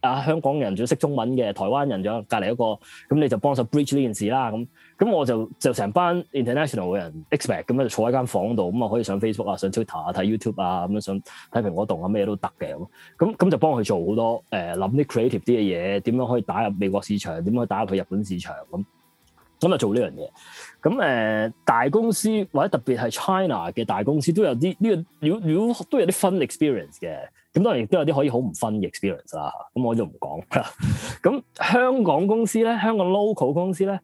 啊！香港人仲要識中文嘅，台灣人仲有隔離一個，咁你就幫手 bridge 呢件事啦。咁咁我就就成班 international 嘅人 expect 咁就坐喺間房度，咁啊可以上 Facebook 啊，上 Twitter 啊，睇 YouTube 啊，咁樣想睇蘋果動啊咩都得嘅。咁咁就幫佢做好多誒諗啲 creative 啲嘅嘢，點樣可以打入美國市場，點樣打入去日本市場咁。咁就做呢樣嘢，咁、呃、大公司或者特別係 China 嘅大公司都有啲呢、這個、如果如果都有啲 fun experience 嘅，咁當然亦都有啲可以好唔 fun 嘅 experience 啦，咁我就唔講。咁香港公司咧，香港 local 公司咧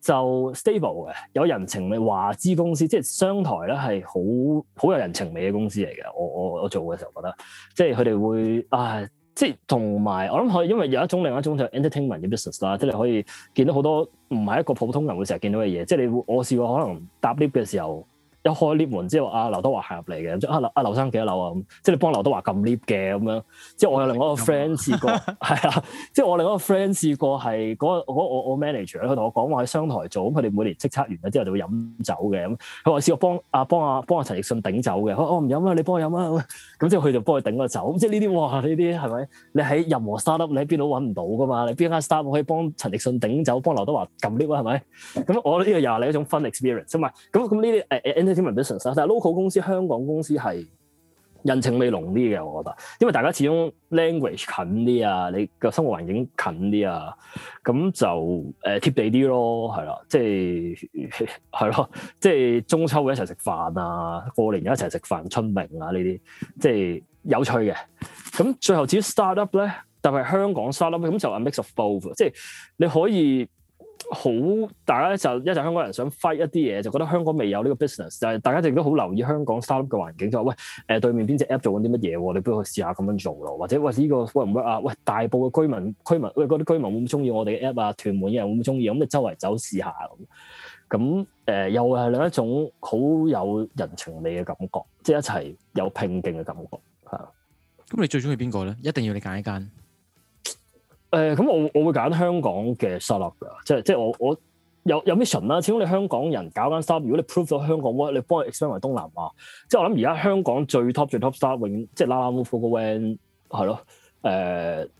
就 stable 嘅，有人情味。華資公司即係商台咧係好好有人情味嘅公司嚟嘅，我我我做嘅時候覺得，即係佢哋會啊。即係同埋，我諗可以，因為有一種另一種就係 entertainment business 啦，即係你可以見到好多唔係一個普通人會成日見到嘅嘢。即係你，我試過可能搭 lift 嘅時候。一開 lift 門，即係阿劉德華行入嚟嘅。即係阿阿劉生幾多樓啊？咁即係你幫劉德華撳 lift 嘅咁樣。即係我有另外一個 friend 試過，係啦、 啊。即係我另外一個 friend 試過係嗰、那個我我 manager 佢同我講話喺商台做，佢哋每年叱咤完之後就會飲酒嘅。咁佢話試過幫阿、啊、幫阿、啊、幫阿、啊啊啊、陳奕迅頂酒嘅，我唔飲啊，你幫我飲啊。咁即係佢就幫佢頂個酒。即係呢啲哇，呢啲係咪？你喺任何 startup 你喺邊度揾唔到噶嘛？你邊間 startup 可以幫陳奕迅頂酒，幫劉德華撳 lift 啊？係咪？咁 我呢個又係一種 fun experience 那些啊嘛。咁咁呢啲誒。但係 local 公司，香港公司係人情味濃啲嘅，我覺得，因為大家始終 language 近啲啊，你個生活環境近啲啊，咁就誒貼、呃、地啲咯，係啦，即係係咯，即係、就是、中秋會一齊食飯啊，過年一齊食飯，春明啊呢啲，即係、就是、有趣嘅。咁最後至於 startup 咧，但係香港 startup 咁就 a mix of both，即係你可以。好，大家就一陣香港人想 fight 一啲嘢，就覺得香港未有呢個 business，就係大家亦都好留意香港 startup 嘅環境，就話喂，誒、呃、對面邊隻 app 做緊啲乜嘢你不如去試下咁樣做咯，或者喂呢、這個喂唔啊？喂，大埔嘅居民居民，喂嗰啲居民會唔會中意我哋嘅 app 啊？屯門嘅人會唔會中意？咁你周圍走試下咁，咁誒、呃、又係另一種好有人情味嘅感覺，即、就、係、是、一齊有拼勁嘅感覺嚇。咁你最中意邊個咧？一定要你揀一間。誒咁、呃、我我會揀香港嘅 star up 嘅，即係即係我我有有 mission 啦。始終你香港人搞間 star，如果你 prove 到香港 what，你幫佢 expand 埋東南亞。即係我諗而家香港最 top 最 top star 永即係拉拉烏夫哥 van 係咯，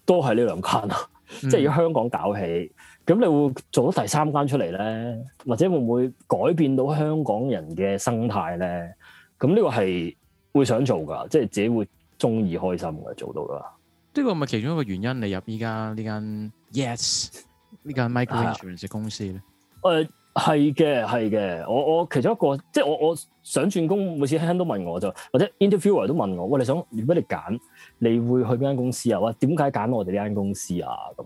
都係呢兩間啦。嗯、即係而家香港搞起，咁你會做到第三間出嚟咧？或者會唔會改變到香港人嘅生態咧？咁呢個係會想做噶，即係自己會中意開心嘅做到啦。呢個咪其中一個原因嚟，你入依家呢間 Yes 呢間 Microinsurance 公司咧？誒係嘅係嘅，我我其中一個即係我我想轉工，每次輕輕都問我就，或者 interviewer 都問我，喂、哦、你想，如果你揀，你會去邊間公司啊？或點解揀我哋呢間公司啊？咁。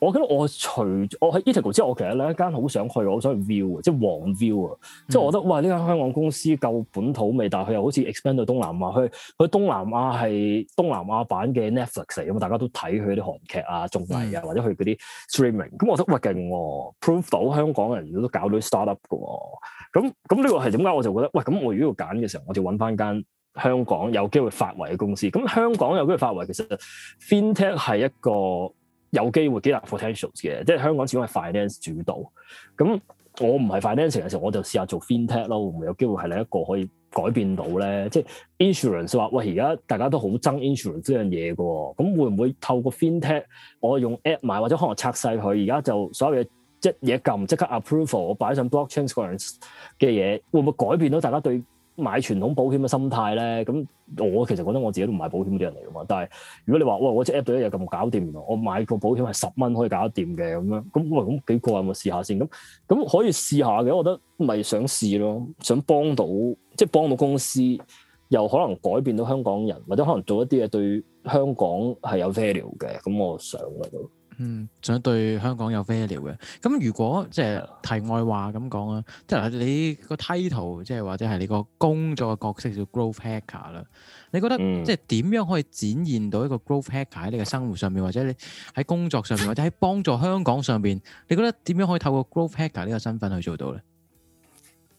我覺得我除咗我喺 Etago 之外，我其實另一間好想去嘅，我想去 View 即係黃 View 啊，即係、嗯、我覺得哇！呢間香港公司夠本土味，但係佢又好似 expand 到東南亞佢去。佢東南亞係東南亞版嘅 Netflix 嚟啊嘛，大家都睇佢啲韓劇啊、綜藝啊，嗯、或者佢嗰啲 streaming、嗯。咁我覺得喂，勁喎 prove 到香港人都搞到 startup 嘅喎、哦。咁咁呢個係點解？我就覺得喂，咁我如果要揀嘅時候，我就揾翻間香港有機會發圍嘅公司。咁香港有機會發圍，其實 FinTech 係一個。有機會幾大 potential 嘅，即係香港始終係 finance 主導。咁我唔係 finance 嘅時候，我就試下做 fintech 咯。會唔會有機會係另一個可以改變到咧？即係 insurance 話喂，而家大家都好憎 insurance 呢樣嘢嘅，咁會唔會透過 fintech 我用 app 買，或者可能拆曬佢？而家就所有嘢即嘢撳即刻 approval，我擺上 blockchain 嗰樣嘅嘢，會唔會改變到大家對買傳統保險嘅心態咧，咁我其實覺得我自己都唔係賣保險嗰啲人嚟嘅嘛。但係如果你話，哇！我即 app 到一樣咁搞掂我買個保險係十蚊可以搞得掂嘅咁樣，咁哇咁幾過癮喎！試下先，咁咁可以試下嘅。我覺得咪想試咯，想幫到，即係幫到公司，又可能改變到香港人，或者可能做一啲嘢對香港係有 value 嘅。咁我想嘅都。嗯，想對香港有 value 嘅，咁如果即係、就是、題外話咁講啊，即係你個 title 即係或者係你個工作嘅角色叫 growth hacker 啦，你覺得、嗯、即係點樣可以展現到一個 growth hacker 喺你嘅生活上面，或者你喺工作上面，或者喺幫助香港上面，你覺得點樣可以透過 growth hacker 呢個身份去做到呢？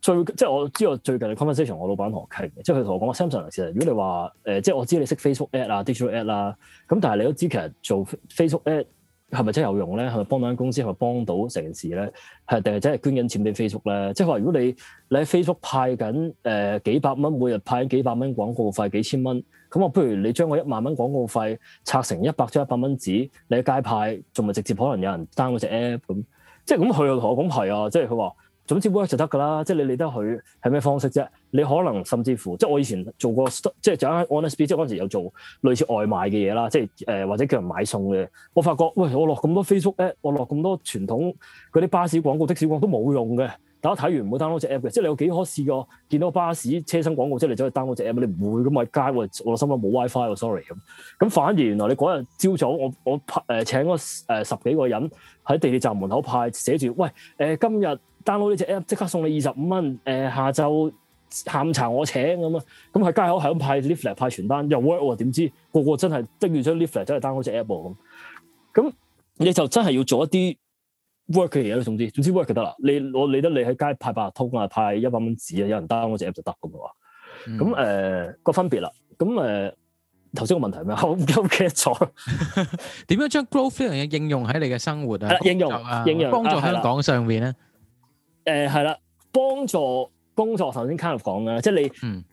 最即係我知，我最近嘅 conversation 我老闆同我傾嘅，即係佢同我講話 Samson 其實，如果你話誒，即係我知你識 Facebook Ads 啦、Digital Ads 啦，咁但係你都知其實做 Facebook Ads 係咪真係有用咧？係咪幫到間公司，係咪幫到成件事咧？係定係真係捐緊錢俾 Facebook 咧？即係佢話如果你你喺 Facebook 派緊誒幾百蚊每日派緊幾百蚊廣告費幾千蚊，咁我不如你將嗰一萬蚊廣告費拆成一百張一百蚊紙，你喺街派，仲咪直接可能有人 down 嗰隻 app 咁？即係咁，佢又同我講係啊，即係佢話。總之 work 就得㗎啦，即係你理得佢係咩方式啫？你可能甚至乎，即係我以前做過，即係就喺 Onsby，即係嗰陣時有做類似外賣嘅嘢啦，即係誒、呃、或者叫人買餸嘅。我發覺，喂，我落咁多 Facebook app，我落咁多傳統嗰啲巴士廣告、的士廣告都冇用嘅。大家睇完唔會 download 隻 app 嘅，即係你有幾可試過見到巴士車身廣告，即係你走去 download 隻 app，你唔會咁喎街，我我心諗冇 WiFi 喎，sorry 咁。咁反而原來你嗰日朝早我，我我派誒請咗、呃、十幾個人喺地鐵站門口派寫住，喂誒、呃、今日。download 呢隻 app 即刻送你二十五蚊，誒、呃、下晝下午茶我請咁啊，咁喺街口係派 leaflet 派傳單又 work 喎。點知個個真係即係要張 leaflet 真係 download 隻 app 喎咁，咁你就真係要做一啲 work 嘅嘢咯，總之總之 work 就得啦，你我理得你喺街派八達通啊，派一百蚊紙啊，有人 download 嗰隻 app 就得咁喎，咁誒、嗯呃嗰個分別啦，咁誒頭先個問題咩？我唔記得咗，點樣將 growth hacking 嘅應用喺你嘅生活啊？啊應用啊，應用幫助香港上面咧、啊？誒係啦，幫助工作，頭先 Carry 講嘅，即係你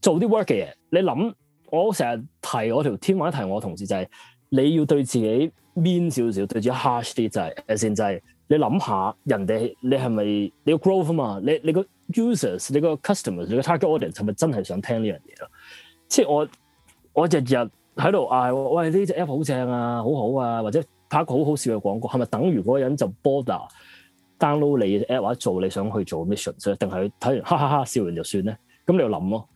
做啲 work 嘅嘢，你諗我成日提我條天話提我同事就係、是、你要對自己 mean 少少，對自己 harsh 啲，就係先就係你諗下人哋，你係咪你要 growth 啊嘛？你你個 users 你個 customers 你個 target audience 係咪真係想聽呢樣嘢咯？即係我我日日喺度嗌，喂，呢隻 app 好正啊，好好啊，或者拍一個好好笑嘅廣告，係咪等於嗰個人就 border download 你嘅 app 或者做你想去做 mission 定係睇完哈哈哈,哈笑完就算咧？咁你又諗咯，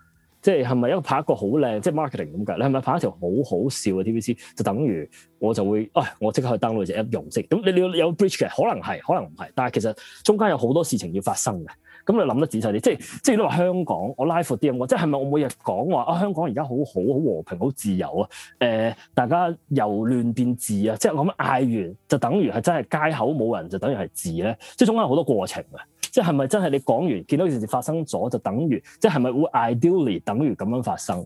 即係係咪一個拍一個好靚，即係 marketing 咁解你係咪拍一條好好笑嘅 TVC 就等於我就會，哎，我刻即刻去 download 隻 app 用即係咁？你你要有 bridge 嘅，可能係，可能唔係，但係其實中間有好多事情要發生嘅。咁你諗得仔細啲，即係即係你話香港，我拉闊啲咁我即係咪我每日講話啊香港而家好好、好和平、好自由啊，呃，大家由亂變治啊！即係我咁嗌完，就等於係真係街口冇人，就等於係治咧。即係中間好多過程，即係係咪真係你講完，見到件事發生咗，就等於，即係係咪會 ideally 等於咁樣發生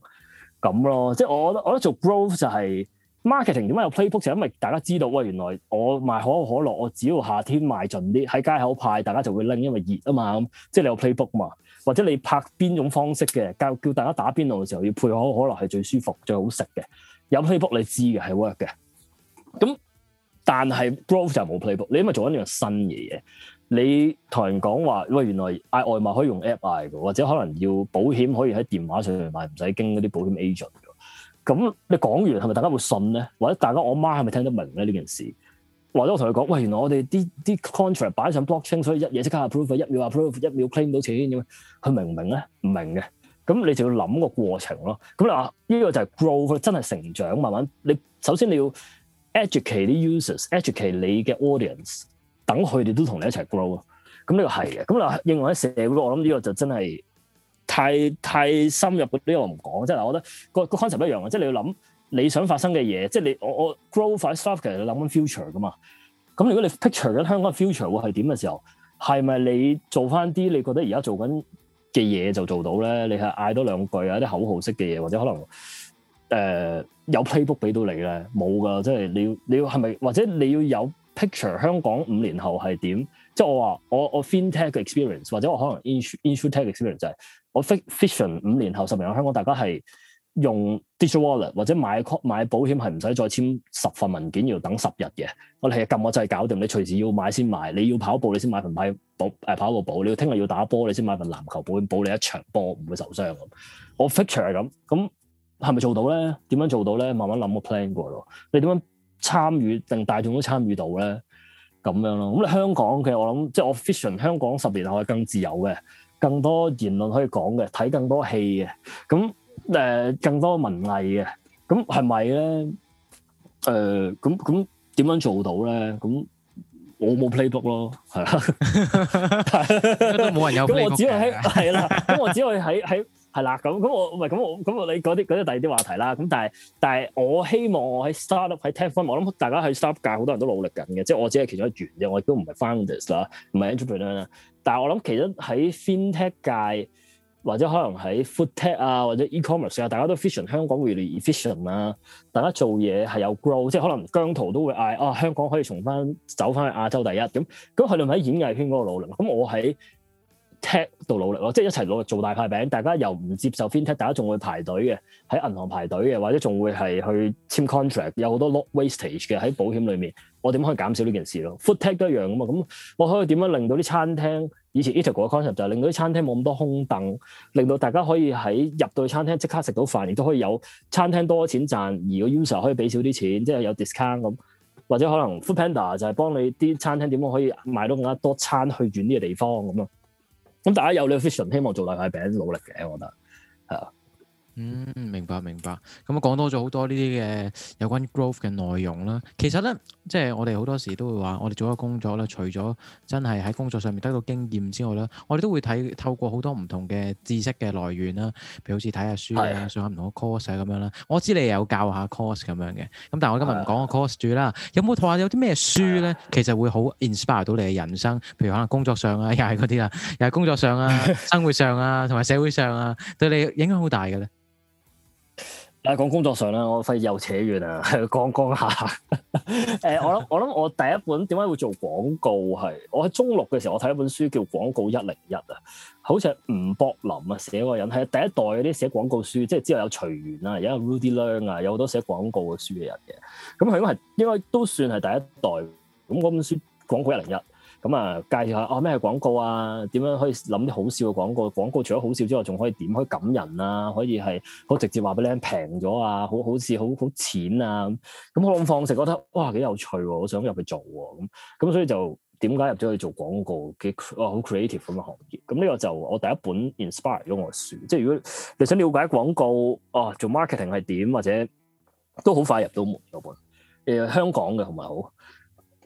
咁咯？即係我覺得，我覺得做 growth 就係。Marketing 點解有 playbook 就係因為大家知道，喂，原來我賣可口可樂，我只要夏天賣盡啲喺街口派，大家就會拎，因為熱啊嘛。咁即係你有 playbook 嘛？或者你拍邊種方式嘅，教叫，叫大家打邊爐嘅時候，要配可口可樂係最舒服、最好食嘅。有 playbook 你知嘅係 work 嘅。咁但係 growth 就冇 playbook，你因為做緊呢樣新嘢嘢，你同人講話，喂，原來嗌外賣可以用 app 嗌嘅，或者可能要保險可以喺電話上邊買，唔使經嗰啲保險 agent。咁你講完係咪大家會信咧？或者大家我媽係咪聽得明咧呢件事？或者我同佢講，喂，原來我哋啲啲 contract 擺上 blockchain，所以一嘢即刻 approve，一秒 approve，一秒 claim 到錢，佢明唔明咧？唔明嘅。咁你就要諗個過程咯。咁你話呢個就係 grow，真係成長慢慢，你首先你要 educ users, educate 啲 users，educate 你嘅 audience，等佢哋都同你一齊 grow 是是。咁呢個係嘅。咁你話應喺社會，我諗呢個就真係。太太深入，呢個我唔講，即係我覺得個個 concept 一樣，即係你要諗你想發生嘅嘢，即係你我我 grow five stuff 其實你諗緊 future 噶嘛，咁如果你 picture 緊香港嘅 future 會係點嘅時候，係咪你做翻啲你覺得而家做緊嘅嘢就做到咧？你係嗌多兩句啊，啲口號式嘅嘢，或者可能誒、呃、有 playbook 俾到你咧，冇噶，即係你要你要係咪或者你要有 picture 香港五年後係點？即係我話我我 FinTech experience 或者我可能 InsurTech experience 就係我 fiction 五年後十年香港大家係用 digital wallet，或者買,買保險係唔使再簽十份文件要等十日嘅我哋係撳個掣搞掂你隨時要買先買你要跑步你先買份保跑,、啊、跑步保你要聽日要打波你先買份籃球保險保你一場波唔會受傷咁我 future 係咁咁係咪做到咧點樣做到咧慢慢諗個 plan 過咯你點樣參與令大眾都參與到咧？咁樣咯，咁你香港其實我諗即係 official 香港十年後係更自由嘅，更多言論可以講嘅，睇更多戲嘅，咁誒更多文藝嘅，咁係咪咧？誒，咁咁點樣做到咧？咁我冇 playbook 咯，係啦，應該都冇人有。咁我只係喺係啦，咁我只可以喺喺。係啦，咁咁我唔係咁我咁我你嗰啲嗰啲第二啲話題啦，咁但係但係我希望我喺 startup 喺 tech 分，我諗大家喺 startup 界好多人都努力緊嘅，即係我只係其中一員啫，我亦都唔係 founders 啦，唔係 entrepreneur 啦。但係我諗其實喺 fin tech 界或者可能喺 foot tech 啊或者 ecommerce 啊，大家都 efficient 香港 really efficient 啊，大家做嘢係有 grow，即係可能姜濤都會嗌啊，香港可以重翻走翻去亞洲第一咁，咁佢哋喺演藝圈嗰度努力，咁我喺。Tech 度努力咯，即係一齊努力做大派餅。大家又唔接受 FinTech，大家仲會排隊嘅，喺銀行排隊嘅，或者仲會係去簽 contract，有好多 lost wastage 嘅喺保險裏面。我點可以減少呢件事咯。FoodTech 都一樣噶嘛，咁、嗯、我可以點樣令到啲餐廳以前 Etago 嘅 concept 就係令到啲餐廳冇咁多空凳，令到大家可以喺入到去餐廳即刻食到飯，亦都可以有餐廳多錢賺，而個 user 可以俾少啲錢，即係有 discount 咁，或者可能 Food Panda 就係幫你啲餐廳點樣可以買到更加多餐去遠啲嘅地方咁咁，大家有你個 vision 希望做大家塊餅努力嘅，我覺得。嗯，明白明白。咁啊，講多咗好多呢啲嘅有關 growth 嘅內容啦。其實咧，即係我哋好多時都會話，我哋做咗工作啦，除咗真係喺工作上面得到經驗之外啦，我哋都會睇透過好多唔同嘅知識嘅來源啦，譬如好似睇下書啦啊，上下唔同 course 咁樣啦。我知你有教下 course 咁樣嘅，咁但係我今日唔講個 course 住啦。啊、有冇話有啲咩書咧，其實會好 inspire 到你嘅人生？譬如可能工作上啊，又係嗰啲啦，又係工作上啊、 生活上啊、同埋社會上啊，對你影響好大嘅咧。啊，講工作上啦，我費事又扯遠啊，講講下。誒， 我諗我諗我第一本點解會做廣告係，我喺中六嘅時候，我睇一本書叫《廣告一零一》啊，好似係吳博林啊寫嗰人，係第一代嗰啲寫廣告書，即係之後有徐元啊，有，有 Rudy Lung 啊，有好多寫廣告嘅書嘅人嘅。咁佢應該係應該都算係第一代。咁嗰本書《廣告一零一》。咁啊，介紹下哦，咩係廣告啊？點樣可以諗啲好笑嘅廣告？廣告除咗好笑之外，仲可以點？可以感人啊，可以係好直接話俾你聽，平咗啊！好好似好好錢啊！咁我諗放食，覺得哇幾有趣喎！我想入去做喎、啊、咁，咁所以就點解入咗去做廣告，幾好、啊、creative 咁嘅行業。咁呢個就我第一本 inspire 咗我嘅書。即係如果你想了解廣告啊，做 marketing 係點，或者都好快入到門咁誒、呃，香港嘅同埋好。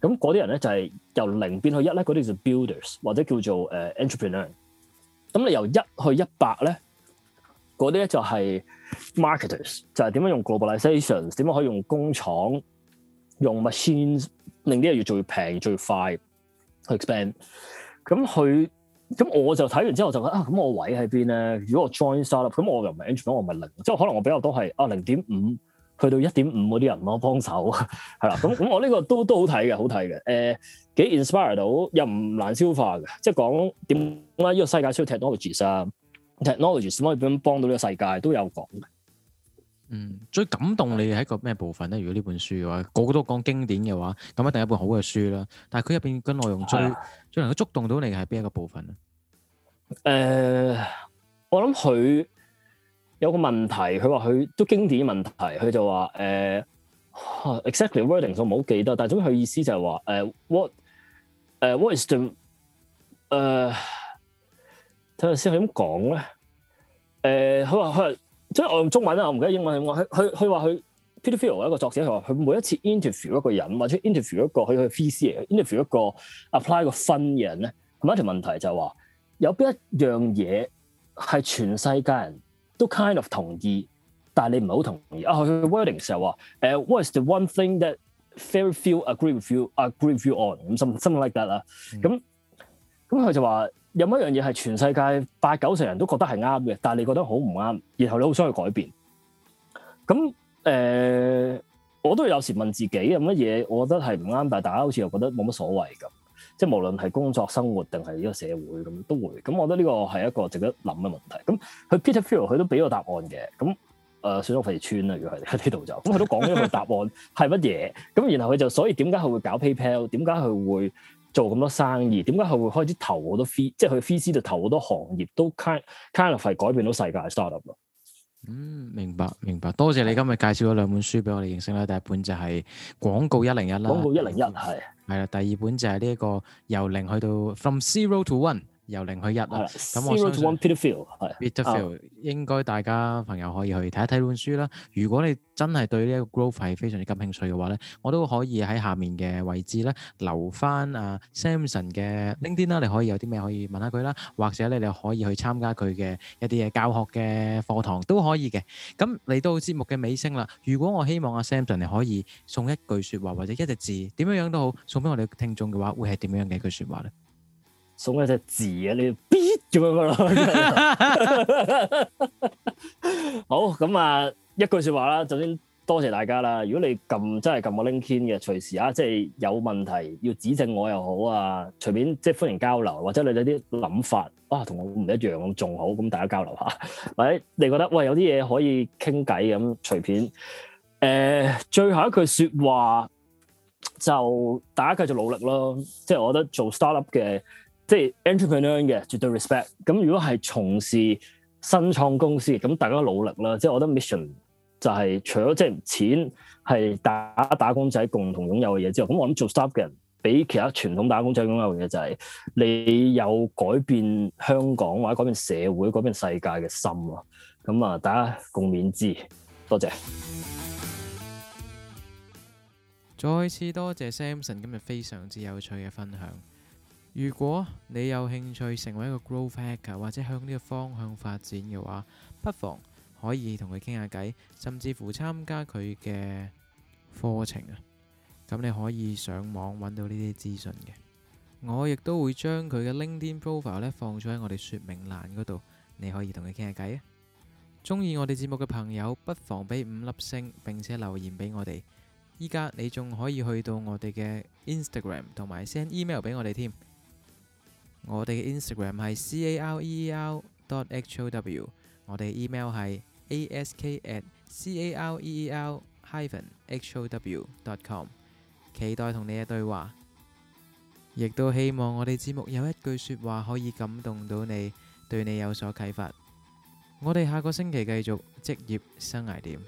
咁嗰啲人咧就係、是、由零變去一咧，嗰啲叫 builders 或者叫做 entrepreneur。咁你由一去一百咧，嗰啲咧就係 marketers，就係點樣用 globalization，點樣可以用工廠用 machines 令啲嘢要做平、最快去 expand。咁佢咁我就睇完之後就覺得：「啊，咁我位喺邊咧？如果我 join startup，咁我又唔係 entrepreneur，我唔係零，即、就、係、是、可能我比較多係啊零點五。去到一點五嗰啲人咯，幫手係啦。咁咁，我呢個都都好睇嘅，好睇嘅。誒、呃，幾 inspire 到，又唔難消化嘅。即係講點解呢個世界需要 technology 啊？technology 可以點樣幫到呢個世界都有講嘅。嗯，最感動你係一個咩部分咧？如果呢本書嘅話，個個都講經典嘅話，咁一定係一本好嘅書啦。但係佢入邊嘅內容最的最能夠觸動到你係邊一個部分咧？誒、呃，我諗佢。有個問題，佢話佢都經典問題，佢就話誒、uh, exactly wording，我唔好記得，但係總之佢意思就係話誒 what 誒、uh, what is the 睇下先佢點講咧？誒佢話佢即係我用中文啦，我唔記得英文係話佢佢佢話佢 Peter Field 一個作者佢話佢每一次 interview 一個人或者 interview 一個佢去 VC 嚟 interview 一個 apply 一個分嘅人咧，咁一條問題就係話有邊一樣嘢係全世界人？都 kind of 同意，但你唔係好同意。啊，佢嘅 wording 成日話，What is the one thing that very few agree with you agree with you on？Something like that 啦，咁咁佢就話有乜嘢係全世界八九成人都覺得係啱嘅，但你覺得好唔啱，然後你好想去改變。咁、呃、我都有時問自己，有乜嘢我覺得係唔啱，但大家好似又覺得冇乜所謂咁。即係無論係工作、生活定係呢個社會咁都會，咁我覺得呢個係一個值得諗嘅問題。咁佢 Peter Thiel 佢都俾咗答案嘅，咁誒算啦，費事穿啦，如果喺呢度就，咁佢都講咗個答案係乜嘢。咁 然後佢就所以點解佢會搞 PayPal？點解佢會做咁多生意？點解佢會開始投好多 fee？即係佢 VC 就投好多行業都 kind of 係改變到世界嘅 startup 咯。嗯，明白明白，多謝你今日介紹咗兩本書俾我哋認識啦。第一本就係《廣告一零一》啦，《廣告一零一》係係啦。第二本就係呢一個由零去到 From Zero to One。由零去一啊！咁我相信《Peterfield》應該大家朋友可以去睇一睇本書啦。如果你真係對呢一個 growth 係非常之感興趣嘅話咧，我都可以喺下面嘅位置咧留翻啊 Samson 嘅 LinkedIn 啦。你可以有啲咩可以問下佢啦，或者你哋可以去參加佢嘅一啲嘅教學嘅課堂都可以嘅。咁嚟到節目嘅尾聲啦，如果我希望阿 Samson 你可以送一句説話或者一隻字點樣樣都好，送俾我哋聽眾嘅話，會係點樣嘅一句説話咧？送一隻字啊！你 B 咁樣嘅咯， 好咁啊！一句説話啦，首先多謝大家啦。如果你撳真係撳我 link 嘅，隨時啊，即係有問題要指正我又好啊，隨便即係歡迎交流，或者你哋啲諗法啊同我唔一樣咁仲好，咁大家交流下，或 者你覺得喂有啲嘢可以傾偈咁隨便。誒，最後一句説話就大家繼續努力咯。即係我覺得做 start up 嘅。即係 entrepreneur 嘅，絕對 respect。咁如果係從事新創公司，咁大家努力啦。即係我覺得 mission 就係除咗即係錢係大家打工仔共同擁有嘅嘢之外，咁我諗做 start 嘅人，比其他傳統打工仔共同擁有嘅嘢就係你有改變香港或者改變社會、改變世界嘅心咯。咁啊，大家共勉之。多謝。再次多謝 Samson 今日非常之有趣嘅分享。如果你有興趣成為一個 growth hacker 或者向呢個方向發展嘅話，不妨可以同佢傾下偈，甚至乎參加佢嘅課程啊。咁你可以上網揾到呢啲資訊嘅。我亦都會將佢嘅 LinkedIn profile 咧放咗喺我哋說明欄嗰度，你可以同佢傾下偈啊。中意我哋節目嘅朋友不妨俾五粒星，並且留言俾我哋。依家你仲可以去到我哋嘅 Instagram 同埋 send email 俾我哋添。我哋嘅 Instagram 係 career.how，我哋 email 係 ask@career-how.com，期待同你嘅對話，亦都希望我哋節目有一句說話可以感動到你，對你有所啟發。我哋下個星期繼續職業生涯點。